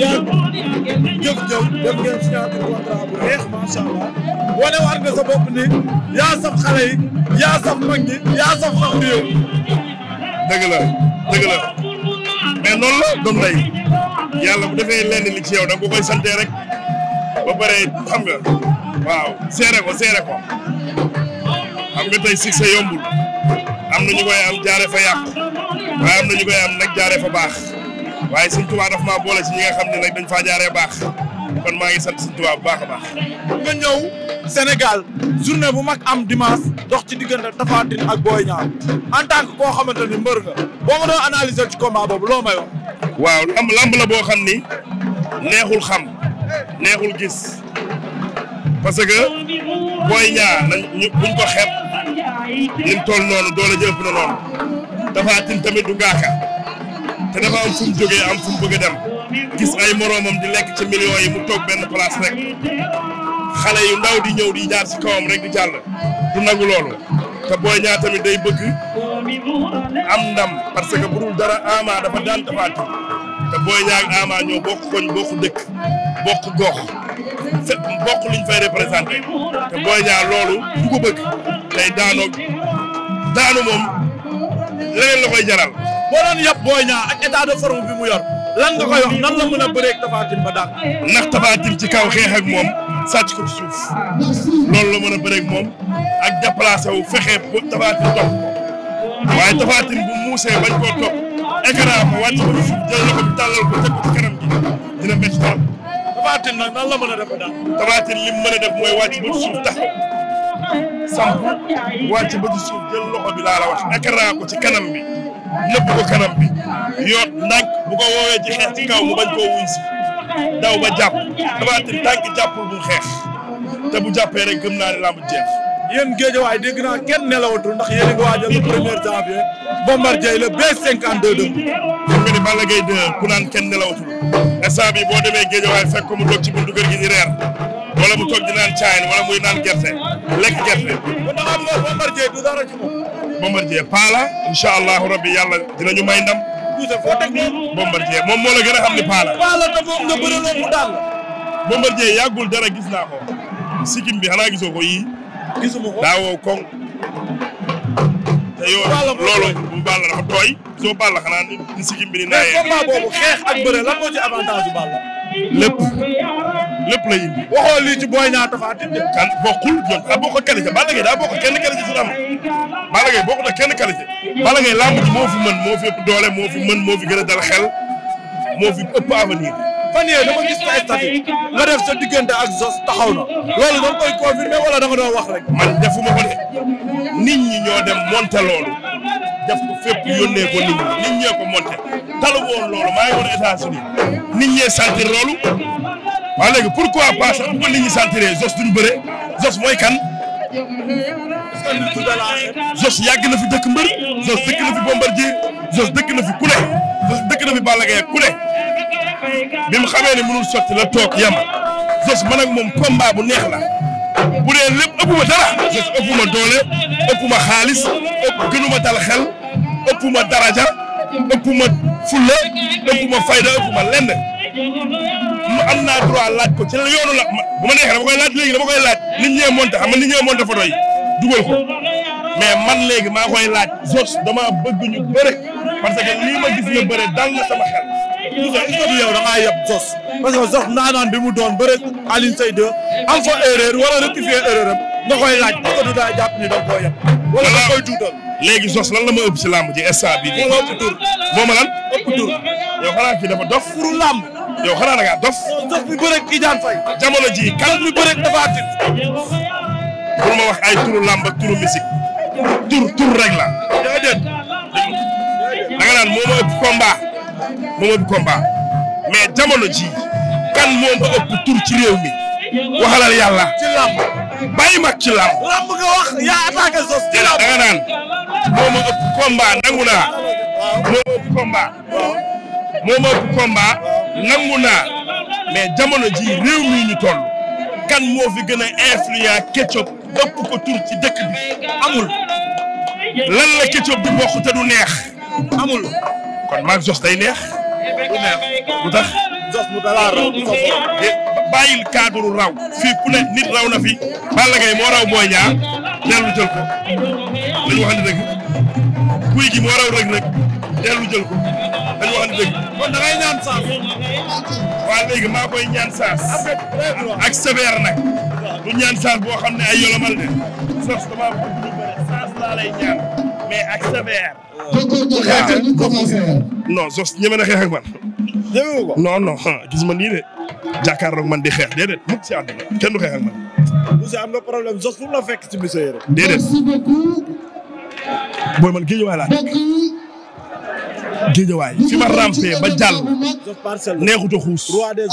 yaa jëf jëf def ngeen signature contrat bu neex macha allah wane waat nga sa bopp ni yaa saf xale yi yaa saf mag ñi yaa saf mag bi yow. dëgg la dëgg la mais noonu la doom lay yàlla bu defee lenn li ci yow da nga koy sante rek ba pare xam nga waaw seere ko seere ko xam nga tey succès yombul am na ñu koy am jaare fa yàqu waaye am na ñu koy am nag jaare fa baax. waaye sëñ Tuubaa daf maa boole si ñi nga xam ne nag dañ faa jaaree baax kon maa ngi sant sëñ Tuubaa bu baax a baax. nga ñëw Sénégal journée bu mag am dimanche dox ci diggante Tapha Tine ak Boy Niang en tant que koo xamante ni mbër nga boo ma doon analyser ci combat boobu loo may waaw lamb lamb boo xam ni neexul xam neexul gis parce que Boy Niang nañ buñ ko xeeb lim toll noonu doole jëpp na noonu Tapha Tine tamit du gaaka. te dafa am fu mu jógee am fu mu bëgg dem gis ay moroomam di lekk ci millions yi mu toog benn place rek xale yu ndaw di ñëw di jaar ci kawam rek di jàll du nangu loolu te booy Niang tamit day bëgg am ndam parce que bu dara Ama dafa daan tafaati te booy Niang ak Ama ñoo bokk koñ bokk dëkk bokk gox fépp bokk luñ fay représenté te Boy Niang loolu du ko bëgg tey daanoo daanu moom leneen la koy jaral boo doon yab Boy Niang ak état de forme bi mu yor lan nga koy wax nan la mën a bëree ak Tapha Tine ba daan ndax Tapha ci kaw xeex moom sàcc ko ci suuf loolu la mën a bëree ak moom ak déplacé wu fexe ba Tapha Tine topp waaye Tapha bu muusee bañ koo topp écran ko wàcc ko ci suuf jël na ko tàllal ko teg ko ba daan mooy wàcc ba ci ba ci suuf jël loxo bi laa wax écran ko ci kanam bi. nëbb ko kanam bi yoot ndànk bu ko woowee ci xeex ci kaw mu bañ koo wuy si daw ba jàpp Tapha Tine tànk jàppul bu xeex te bu jàppee rek gëm naa ne làmb jeex yéen géejawaay dégg naa kenn nelawatul ndax yéen a ngi waajal le premier janvier Bombardier le B52 de xam nga ni Balla Gaye 2 ku naan kenn nelawatul instant bi boo demee Géejawaay fekk ko mu toog ci buntu kër gi di reer wala mu toog di naan caayin muy naan gerte lekk gerte. kon da ngaa bëgg a Bombardier du dara ci la incha allahu rabbi yàlla dinañu may ndam. tuuti foo teg loolu. moom moo la gën a xam ni paa la. paa la te moom nga bëri loolu mu daal. Bombardier yàggul dara gis naa ko. sikim bi xanaa gisoo ko yii. gisuma ko Balla loolu Balla dafa tooy. soo Balla xanaa ni sikkim bi ni naayee. mais combat boobu xeex ak bëre lan moo ci avantage bu lépp lépp la indi. waxoo lii ci Boy Niang Tapha Tine de. kan bokkul ñoom daa bokk qualité Balla Gaye daa bokk kenn qualité si dama. Balla Gaye bokkul ak kenn qualité. Balla Gaye làmb ji moo fi mën moo fi doole moo fi mën moo fi gën a dal xel moo fi ëpp avenir. fan yee dama gis sa statut nga def sa diggante ak Zoss taxaw na loolu da nga koy confirmé wala da nga doon wax rek. man defuma ko de nit ñi ñoo dem monté loolu def ko fépp yónnee ko nit ñi nit ñee ko monté talu woon loolu maa ngi woon États-Unis nit ñee sentir loolu waaye léegi pourquoi pas sax bu nit ñi sentiree Zoss duñu bëre Zoss mooy kan. Zoss yàgg na fi dëkk mbër Zoss dëkk bi mu xamee ne mënul sotti la toog yama Zoss man ak moom combat bu neex la bu dee lépp ëpp ma dara Zoss ëpp ma doole ëpp ma xaalis ëpp gënu ma dal xel ëpp ma daraja ëpp ma fulla ëpp ma fayda ëpp ma lenn mu am naa a laaj ko ci la yoonu la bu ma neexee dama koy laaj léegi dama koy laaj nit ñee monté xam nga nit ñee monté ko. mais man léegi maa koy laaj Zoss dama bëgg ñu bëre parce que lii ma gis nga bëre dal na sama xel. tout ce qui yow da ngaa yeb parce que Zoss naanaan bi mu doon bëre Alioune Seye 2 am fa erreur wala rectifier erreur am nga koy laaj parce que du daa jàpp ni da nga wala da koy léegi Zoss lan la ma ëpp si làmb ji instant bii. moo ëpp tur moo ma lan ëpp tur. yow xanaa kii dafa dof. pour làmb. yow xanaa da dof. Zoss jii dafa ma wax ay turu làmb ak turu musique. tur tur rek la. naan moom ëpp combat moom ëpp combat mais jamono ji kan moom ëpp tur ci réew mi waxalal yàlla. ci làmb ci làmb. làmb naan moom ëpp combat nangu nangu naa mais jamono ji réew mi ñu kan moo fi gën a influent Ketchup ëpp ko tur ci dëkk bi amul. lan la ketchup bi bokk te du neex. amul kon maag Jos day neex. du neex lu tax. Jos mu raw du ku ne nit raw na fi. Balla Gaye moo raw Boy Niang dellu jël ko. dañu waxante dëgg guy gi moo raw rek rek dellu jël ko dañu waxante dëgg. kon da ngay ñaan saas. waaw léegi maa koy ñaan saas. ak sévère nag. du ñaan saas boo xam ne ay yolomal de. saas damaa bëgg lu bëri saas laa lay ak sévère. mu xeex non man. ñeme ko ah, ma nii de. jàkkaarloog man di xeex déedéet mukk si àdduna kenn du man. booy man géej waay laa nekk. géej waay fi ma rampé ba jàll. neexut a xuus. roi des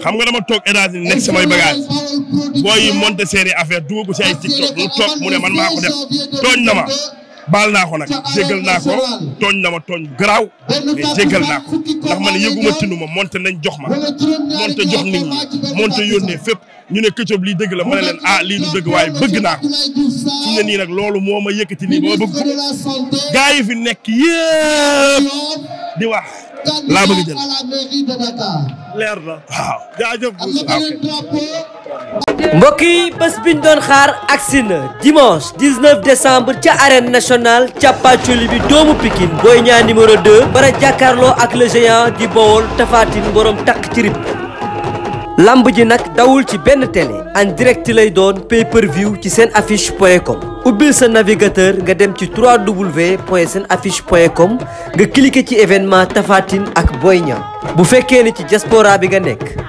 xam nga dama toog états-unis nekk samay bagage booy yi monté seeni affaire dugg si ay TikTok mu toog mu ne man maa ko tooñ na ma. baal naa ko nag jégal naa ko tooñ na ma tooñ garaaw mais naa ko ndax man yëguma tinu ma monté nañ jox ma monté jox nit ñi monté yónnee fépp ñu ne lii dëgg la ma ne leen ah lii du waaye bëgg naa ko nii nag loolu moo ma yëkkati nii ba ma bëgg ko gaa yi fi nekk yëpp di wax laa bëgg jël leer na mbokk yi bés biñ doon xaar agsi na dimanche 19 décembre ca arène nationale càppaacoli bi doomu Pikine Boy Niang numéro 2 bara jàkkaarloo ak le géant di Bawol Tapha Tine borom takk ci lamb ji nag dawul ci benn télé en direct lay doon pay per view ci seen affiche point com ubbil sa navigateur nga dem ci 3w point seen affiche point com nga cliqué ci événement Tapha ak Boy Niang bu fekkee ni ci diaspora bi nga nekk